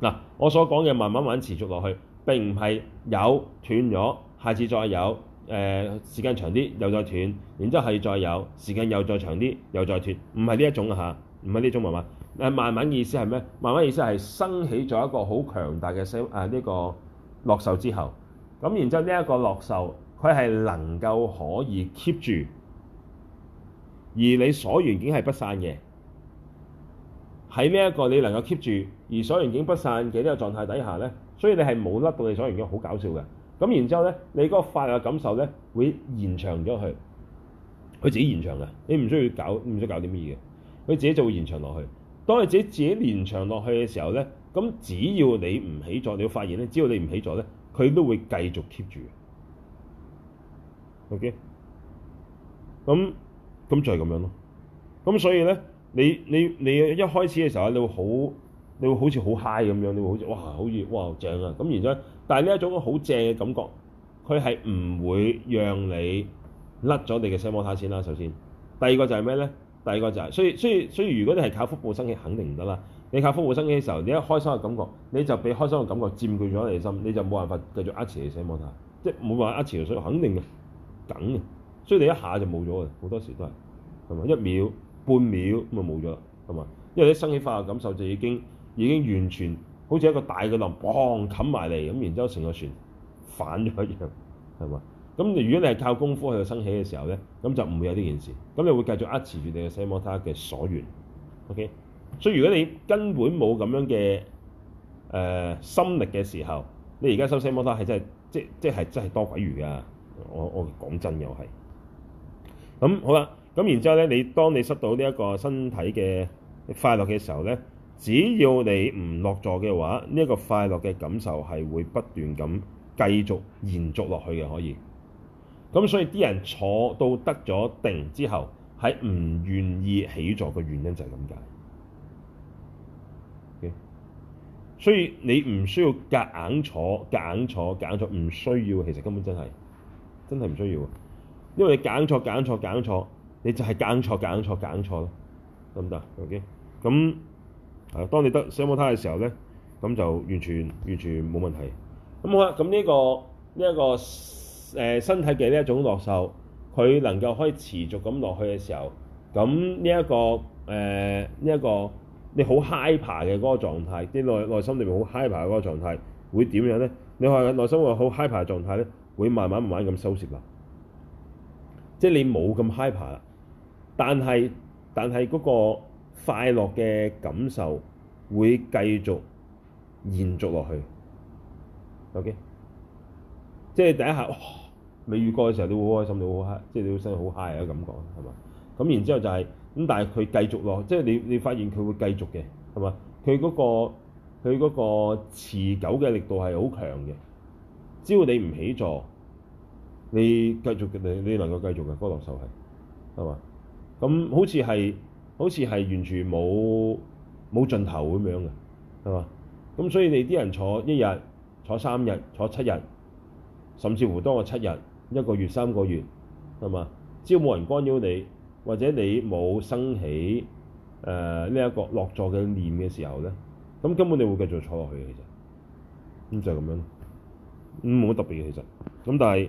嗱，我所講嘅慢、慢慢慢持續落去，並唔係有斷咗，下次再有。誒，時間長啲，又再斷，然之後係再有時間又再長啲，又再斷，唔係呢一種嚇，唔係呢種慢慢，係慢慢意思係咩？慢慢意思係生起咗一個好強大嘅聲啊！呢、這個樂受之後，咁然之後呢一個樂受，佢係能夠可以 keep 住，而你所緣境係不散嘅。喺呢一個你能夠 keep 住，而所緣境不散嘅呢個狀態底下咧，所以你係冇甩到你所緣境，好搞笑嘅。咁然之後咧，你嗰個快樂感受咧會延長咗去，佢自己延長嘅，你唔需要搞，唔需要搞啲乜嘢嘅，佢自己就會延長落去。當係自己自己延長落去嘅時候咧，咁只要你唔起座，你會發現咧，只要你唔起座咧，佢都會繼續 keep 住。OK，咁咁就係咁樣咯。咁所以咧，你你你一開始嘅時候，你會好。你會好似好嗨 i 咁樣，你會好似哇，好似哇正啊！咁然之後，但係呢一種好正嘅感覺，佢係唔會讓你甩咗你嘅聲波塔先啦。首先，第二個就係咩咧？第二個就係、是，所以所以所以，如果你係靠腹部升起，肯定唔得啦。你靠腹部升起嘅時候，你一開心嘅感覺，你就俾開心嘅感覺佔據咗你心，你就冇辦法繼續壓住聲波塔，即係冇辦法壓潮水，所以肯定嘅梗嘅。所以你一下就冇咗嘅，好多時候都係係咪？一秒半秒咁就冇咗，係咪？因為你升起化嘅感受就已經。已經完全好似一個大嘅浪 bang 冚埋嚟咁，然之後成個船反咗一樣，係嘛？咁如果你係靠功夫喺度生起嘅時候咧，咁就唔會有呢件事。咁你會繼續握持住你嘅奢摩他嘅所願。OK，所以如果你根本冇咁樣嘅、呃、心力嘅時候，你而家收奢摩他係真係即即係真係多鬼餘㗎。我我講真又係咁好啦。咁然之後咧，你當你失到呢一個身體嘅快樂嘅時候咧。只要你唔落座嘅話，呢一個快樂嘅感受係會不斷咁繼續延續落去嘅，可以。咁所以啲人坐到得咗定之後，係唔願意起座嘅原因就係咁解。Okay? 所以你唔需要夾硬坐、夾硬坐、夾硬坐，唔需要，其實根本真係真係唔需要。因為夾硬坐、夾硬坐、夾硬坐，你就係夾硬坐、夾硬坐、夾硬坐咯，得唔得？O.K.，咁。當你得雙胞胎嘅時候咧，咁就完全完全冇問題。咁好啦，咁呢一個呢一個誒身體嘅呢一種樂受，佢能夠可以持續咁落去嘅時候，咁呢一個誒呢一個你好 high par 嘅嗰個狀態，啲內內心裡面好 high par 嘅嗰個狀態會點樣咧？你話內心會好 high par 嘅狀態咧，會慢慢慢慢咁收攝啦，即係你冇咁 high par 啦，但係但係嗰個。快樂嘅感受會繼續延續落去，OK，即係第一下未、哦、遇過嘅時候，你會好開心，你好嗨，即、就、係、是、你會真係好嗨嘅感覺，係嘛？咁然之後就係、是、咁，但係佢繼續咯，即係你你發現佢會繼續嘅，係嘛？佢嗰個佢嗰個持久嘅力度係好強嘅，只要你唔起座，你繼續你你能夠繼續嘅，嗰個樂受係係嘛？咁好似係。好似係完全冇冇盡頭咁樣嘅，係嘛？咁所以你啲人坐一日、坐三日、坐七日，甚至乎當我七日，一個月、三個月，係嘛？只要冇人干擾你，或者你冇生起誒呢一個落座嘅念嘅時候咧，咁根本你會繼續坐落去嘅，其實咁就係咁樣，唔、嗯、冇乜特別嘅其實。咁但係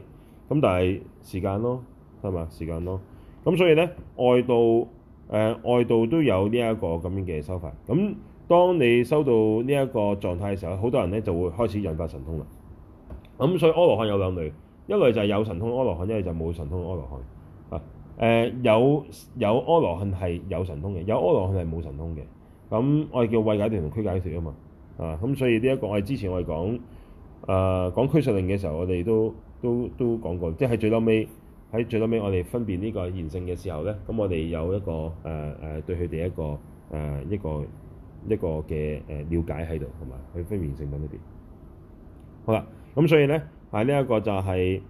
咁但係時間咯，係嘛？時間咯。咁所以咧愛到。誒、呃、外道都有呢一個咁樣嘅收法，咁當你收到呢一個狀態嘅時候，好多人咧就會開始引發神通啦。咁所以阿羅漢有兩類，一類就係有神通阿羅漢，一類就冇神通阿羅漢。啊、呃、有有阿羅漢係有神通嘅，有阿羅漢係冇神通嘅。咁我哋叫慧解脫同俱解脱啊嘛。啊咁所以呢一個我哋之前我哋講誒、呃、講俱舍論嘅時候我，我哋都都都講過，即、就、係、是、最嬲尾。喺最後尾，我哋分辨呢個現性嘅時候咧，咁我哋有一個誒誒、呃呃、對佢哋一個誒、呃、一個一個嘅誒瞭解喺度，同埋喺分辨性品嗰邊。好啦，咁所以咧喺呢一、啊這個就係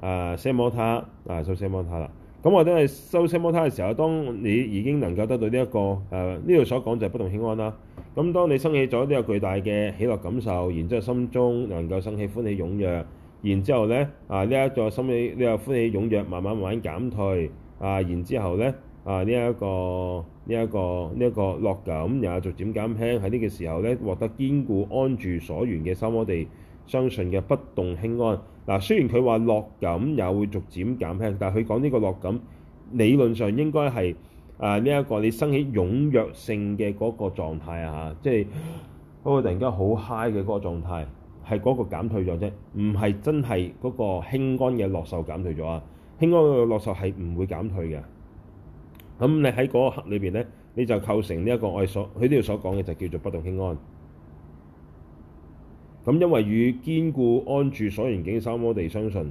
誒奢摩他，啊修奢摩他啦。咁我哋修奢摩他嘅時候，當你已經能夠得到呢、這、一個誒呢度所講就係不動輕安啦。咁當你生起咗呢個巨大嘅喜樂感受，然之後心中能夠生起歡喜踴躍。然之後咧，啊呢一、這個心裏呢、這個歡喜踴躍，慢慢慢慢減退，啊然之後咧，啊呢一、這個呢一、啊這個呢一、這個、這個、樂感漸漸漸漸漸，又逐漸減輕。喺呢個時候咧，獲得堅固安住所緣嘅心，我哋相順嘅不動輕安。嗱、啊，雖然佢話樂感又會逐漸減輕，但係佢講呢個樂感，理論上應該係啊呢一、這個你生起踴躍性嘅嗰個狀態啊，即係嗰、那個突然間好嗨嘅嗰個狀態。係嗰個減退咗啫，唔係真係嗰個輕安嘅樂受減退咗啊！輕安嘅樂受係唔會減退嘅。咁你喺嗰刻裏邊咧，你就構成呢一個我哋所佢呢度所講嘅就叫做不動輕安。咁因為與堅固安住所緣境三摩地相順，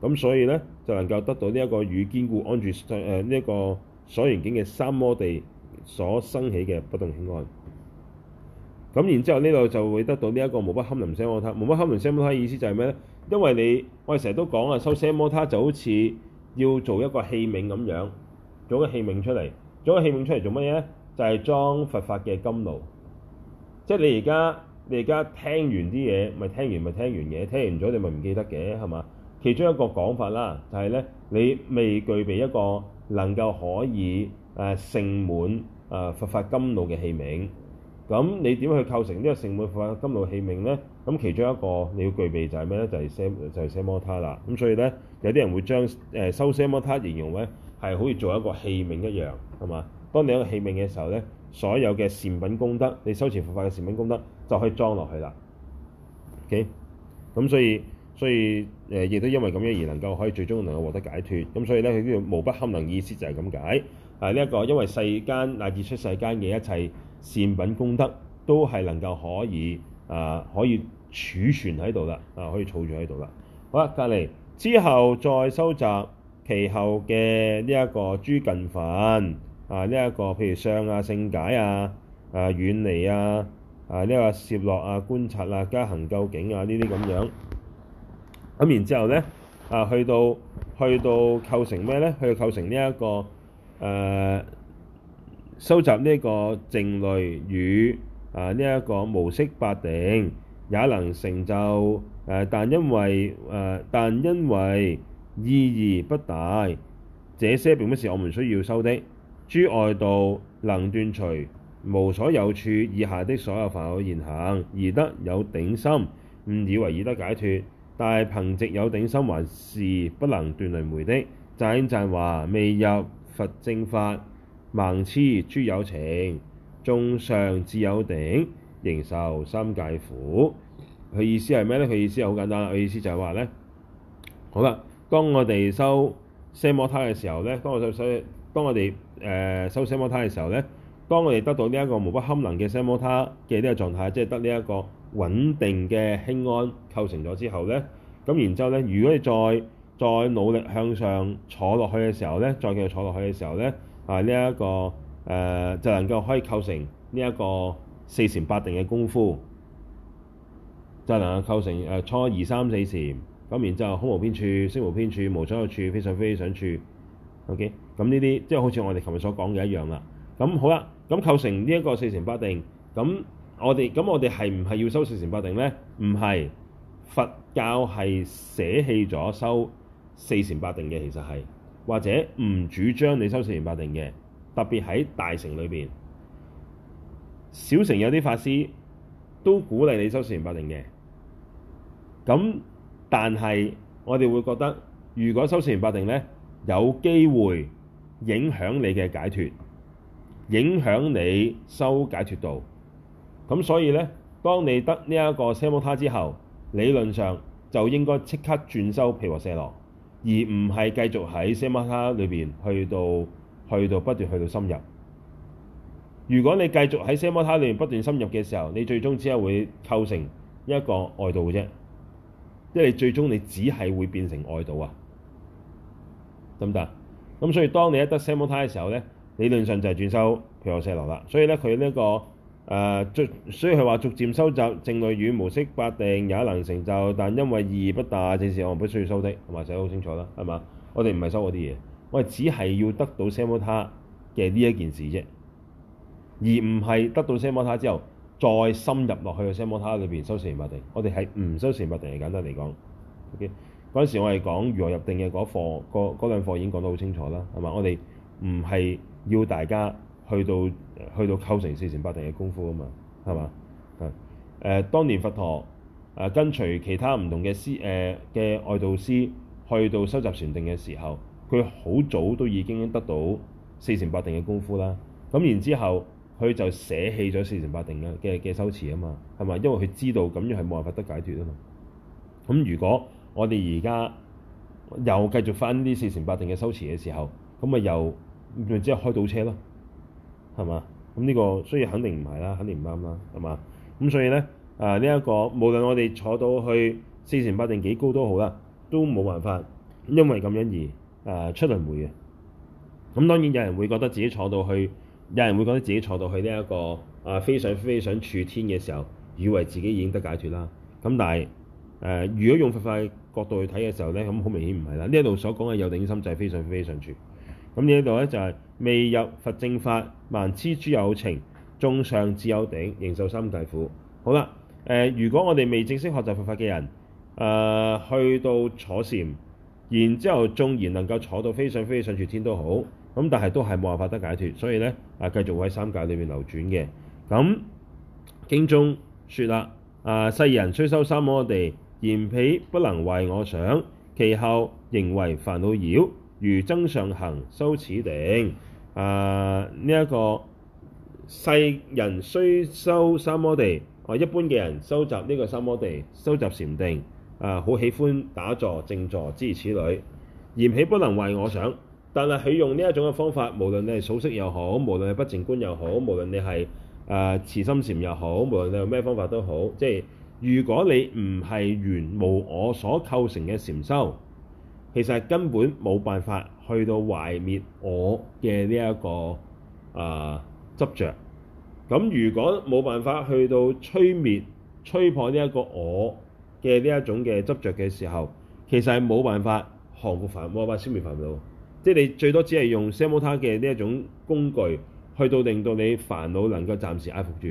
咁所以咧就能夠得到呢一個與堅固安住誒呢一個所緣境嘅三摩地所生起嘅不動輕安。咁然之後呢度就會得到呢一個無不堪能奢摩他，無不堪能奢摩他意思就係咩呢？因為你我哋成日都講啊，修奢摩他就好似要做一個器皿咁樣，做一個器皿出嚟，做一個器皿出嚟做乜嘢呢？就係、是、裝佛法嘅甘露。即係你而家你而家聽完啲嘢，咪聽完咪聽完嘢，聽完咗你咪唔記得嘅係嘛？其中一個講法啦，就係、是、呢：你未具備一個能夠可以誒、呃、盛滿誒、呃、佛法甘露嘅器皿。咁你點去構成呢個盛滿佛法甘露器皿咧？咁其中一個你要具備就係咩咧？就係、是、奢就係奢摩他啦。咁所以咧，有啲人會將誒、呃、修奢摩他形容咧係好似做一個器皿一樣係嘛？當你有一個器皿嘅時候咧，所有嘅善品功德，你修持佛法嘅善品功德就可以裝落去啦。O.K. 咁所以所以、呃、亦都因為咁樣而能夠可以最終能夠獲得解脫。咁所以咧，佢叫無不堪能，意思就係咁解。呢、啊、一、這個因為世間乃至出世間嘅一切。善品功德都係能夠可以啊、呃，可以儲存喺度啦，啊，可以儲住喺度啦。好啦，隔籬之後再收集其後嘅呢一個諸近分啊，呢、這、一個譬如相啊、勝解啊、啊遠離啊、啊呢、這個攝樂啊、觀察啊、加行究竟啊呢啲咁樣。咁、啊、然之後咧啊，去到去到構成咩咧？去到構成呢一、這個誒。呃修習呢一個靜慮與啊呢一、這個無色八定也能成就、啊、但因為、啊、但因為意義不大，這些並不是我們需要修的。諸外道能斷除無所有處以下的所有煩惱現行，而得有頂心，誤以為已得解脫，但憑藉有頂心還是不能斷輪迴的。讚應讚話未入佛正法。盲痴諸有情，縱上至有頂，仍受三界苦。佢意思係咩咧？佢意思係好簡單。佢意思就係話咧，好啦，當我哋修奢摩他嘅時候咧，當我哋修，當我哋誒修奢摩他嘅時候咧，當我哋得到呢一個無不堪能嘅奢摩他嘅呢個狀態，即係得呢一個穩定嘅輕安構成咗之後咧，咁然之後咧，如果你再再努力向上坐落去嘅時候咧，再繼續坐落去嘅時候咧。啊！呢、這、一個誒、呃，就能夠可以構成呢一個四禪八定嘅功夫，就能夠構成誒初、呃、二三四禪，咁然之後空無邊處、色無邊處、無所有處、非想非非想處。OK，咁呢啲即係好似我哋琴日所講嘅一樣啦。咁好啦，咁構成呢一個四禪八定，咁我哋咁我哋係唔係要修四禪八定咧？唔係，佛教係捨棄咗修四禪八定嘅，其實係。或者唔主張你修四禪八定嘅，特別喺大城裏邊，小城有啲法師都鼓勵你修四禪八定嘅。咁但係我哋會覺得，如果修四禪八定咧，有機會影響你嘅解脫，影響你修解脫道。咁所以咧，當你得呢一個奢摩他之後，理論上就應該即刻轉修毗婆舍羅。而唔係繼續喺奢摩他裏邊去到去到不斷去到深入。如果你繼續喺奢摩他裏邊不斷深入嘅時候，你最終只係會構成一個外道嘅啫。即係你最終你只係會變成外道啊，得唔得？咁所以當你一得奢摩他嘅時候咧，理論上就係轉修佢有射落啦。所以咧，佢呢一個誒逐、啊、所以係話逐漸修習靜慮與無色八定也能成就，但因為意義不大，正視我們不需要修的。同埋寫得好清楚啦，係嘛？我哋唔係修嗰啲嘢，我哋只係要得到奢摩他嘅呢一件事啫，而唔係得到奢摩他之後再深入落去奢摩他裏邊修成八定。我哋係唔修成八定，簡單嚟講。嗰、OK? 陣時我係講如何入定嘅嗰課，個嗰兩課已經講得好清楚啦，係嘛？我哋唔係要大家去到。去到構成四禪八定嘅功夫啊嘛，係嘛？啊誒、呃，當年佛陀誒、呃、跟隨其他唔同嘅師誒嘅外道師去到修習禪定嘅時候，佢好早都已經得到四禪八定嘅功夫啦。咁然之後，佢就捨棄咗四禪八定嘅嘅嘅修持啊嘛，係咪？因為佢知道咁樣係冇辦法得解脫啊嘛。咁如果我哋而家又繼續翻啲四禪八定嘅修持嘅時候，咁咪又之即係開倒車咯？係嘛？咁呢、呢個所以肯定唔係啦，肯定唔啱啦，係嘛？咁所以咧，誒呢一個無論我哋坐到去四成八定幾高都好啦，都冇辦法因為咁樣而誒、呃、出輪迴嘅。咁當然有人會覺得自己坐到去，有人會覺得自己坐到去呢一個啊非常非常處天嘅時候，以為自己已經得解脫啦。咁但係誒、呃，如果用佛法角度去睇嘅時候咧，咁好明顯唔係啦。呢一度所講嘅有頂心就係非常非常處。咁呢度咧就係、是、未入佛正法，盲癡諸有情，縱上至有頂，仍受三界苦。好啦，呃、如果我哋未正式學習佛法嘅人、呃，去到坐禪，然之後縱然能夠坐到非想非非想天都好，咁但係都係冇辦法得解脫，所以咧啊，繼續喺三界裏面流轉嘅。咁經中說啦，啊，世人雖修三摩地，然彼不能為我想，其後仍為煩惱擾。如增上行修此定，啊呢一個世人雖修三摩地，我、呃、一般嘅人收集呢個三摩地，收集禪定，啊、呃、好喜歡打坐靜坐之如此類，然彼不能壞我想，但係佢用呢一種嘅方法，無論你係數息又好，無論係不淨觀又好，無論你係誒慈心禪又好，無論你用咩方法都好，即係如果你唔係緣無我所構成嘅禪修。其實根本冇辦法去到毀滅我嘅呢一個啊、呃、執着。咁如果冇辦法去到摧滅、摧破呢一個我嘅呢一種嘅執着嘅時候，其實係冇辦法降服煩惱，冇辦法消滅煩惱。即係你最多只係用 samatha 嘅呢一種工具，去到令到你煩惱能夠暫時壓服住，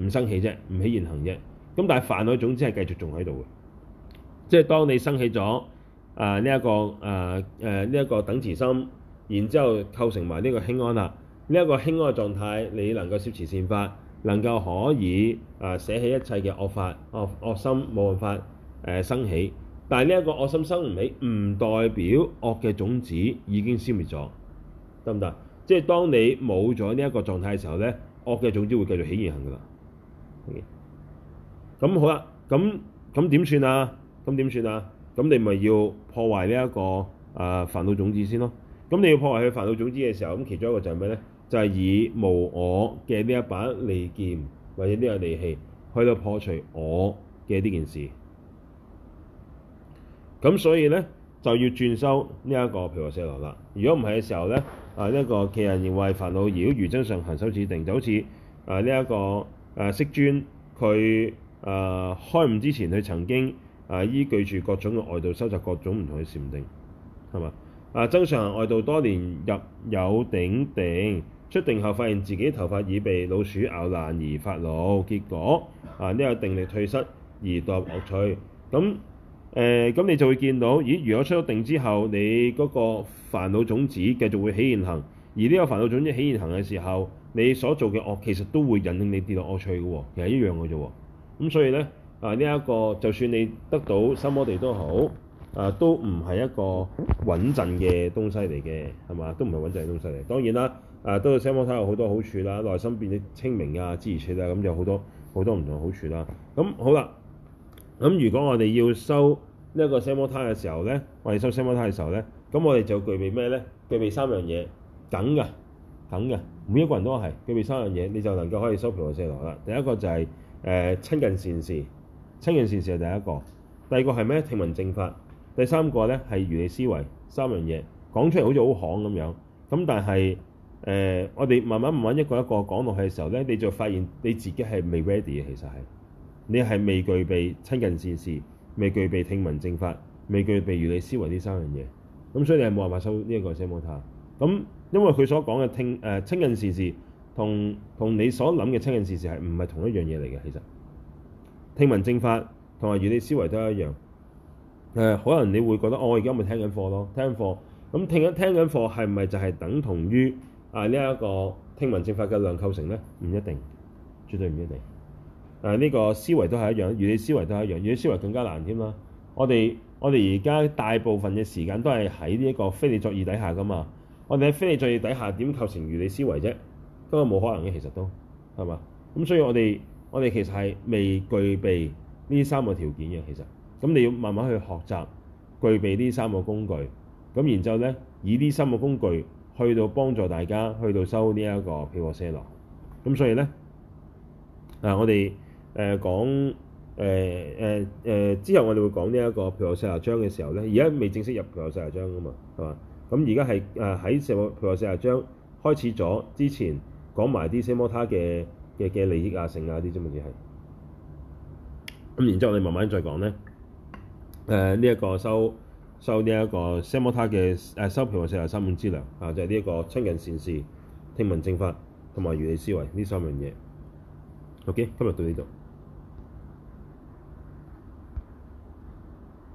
唔生氣啫，唔起現行啫。咁但係煩惱總之係繼續仲喺度嘅，即係當你生起咗。啊呢一、啊啊啊啊啊、個啊誒呢一個等持心，然之後構成埋呢個輕安啦。呢一個輕安嘅狀態，你能夠攝持善法，能夠可以啊捨棄一切嘅惡法惡惡、哦、心冇辦法誒生起。但係呢一個惡心生唔起，唔代表惡嘅種子已經消滅咗，得唔得？即係當你冇咗呢一個狀態嘅時候咧，惡嘅種子會繼續起現行㗎啦。咁好啦，咁咁點算啊？咁點算啊？咁你咪要破壞呢一個啊煩惱種子先咯。咁你要破壞佢煩惱種子嘅時候，咁其中一個就係咩咧？就係、是、以無我嘅呢一把利劍或者呢個利器去到破除我嘅呢件事。咁所以咧就要轉修呢一個譬如話四六啦。如果唔係嘅時候咧，啊呢一、這個其後仍為煩惱擾如增上行修此定就好似呢一個啊釋尊佢啊開悟之前佢曾經。啊！依據住各種嘅外道收集各種唔同嘅禪定，係嘛？啊！增上行外道多年，入有頂定，出定後發現自己頭髮已被老鼠咬爛而發怒，結果啊呢、這個定力退失而墮惡趣。咁誒，咁、呃、你就會見到，咦？如果出咗定之後，你嗰個煩惱種子繼續會起現行，而呢個煩惱種子起現行嘅時候，你所做嘅惡其實都會引領你跌落惡趣嘅喎，其實是一樣嘅啫喎。咁所以咧。啊！呢、這、一個就算你得到三摩地都好，啊都唔係一個穩陣嘅東西嚟嘅，係嘛？都唔係穩陣嘅東西嚟。當然啦，啊得到三摩他有好多好處啦，內心變得清明啊、知而徹啦、啊，咁有好多好多唔同好處啦。咁好啦，咁如果我哋要收呢一個三摩他嘅時候咧，我哋收三摩他嘅時候咧，咁我哋就具備咩咧？具備三樣嘢，等嘅，等嘅，每一個人都係具備三樣嘢，你就能夠可以收毗婆舍那啦。第一個就係、是、誒、呃、親近善事。親近善士係第一個，第二個係咩？聽聞正法。第三個咧係如理思維。三事，三樣嘢講出嚟好似好巷咁樣。咁但係誒、呃，我哋慢慢慢慢一個一個講落去嘅時候咧，你就發現你自己係未 ready 嘅，其實係你係未具備親近善士、未具備聽聞正法、未具備如理思維呢三樣嘢。咁所以你係冇辦法收呢一個 system。咁因為佢所講嘅聽誒、呃、親近善士，同同你所諗嘅親近善士係唔係同一樣嘢嚟嘅，其實。聽聞正法同埋如理思維都一樣，誒，可能你會覺得，哦、我而家咪聽緊課咯，聽緊課，咁聽緊聽緊課係唔係就係等同於啊呢一、這個聽聞正法嘅量構成咧？唔一定，絕對唔一定。誒、啊，呢、這個思維都係一樣，如理思維都係一樣，如理思維更加難添啦。我哋我哋而家大部分嘅時間都係喺呢一個非理作意底下噶嘛，我哋喺非理作意底下點構成如理思維啫？根本冇可能嘅，其實都係嘛。咁所以我哋。我哋其實係未具備呢三個條件嘅，其實咁你要慢慢去學習，具備呢三個工具，咁然之後咧，以呢三個工具去到幫助大家去到收呢一個毗缽舍那落，咁所以咧，啊我哋誒講誒誒誒之後我哋會講呢一個毗缽舍那章嘅時候咧，而家未正式入毗缽舍那章噶嘛，係嘛？咁而家係誒喺社會毗缽舍那章開始咗之前講埋啲奢摩他嘅。嘅利益啊、剩啊嗰啲咁嘅嘢係，咁然之後我哋慢慢再講咧。誒呢一個收收呢一個奢摩他嘅誒收培養四大三昧之糧，就係呢一個親近善事、聽聞正法同埋如理思維呢三樣嘢。OK，今日到呢度。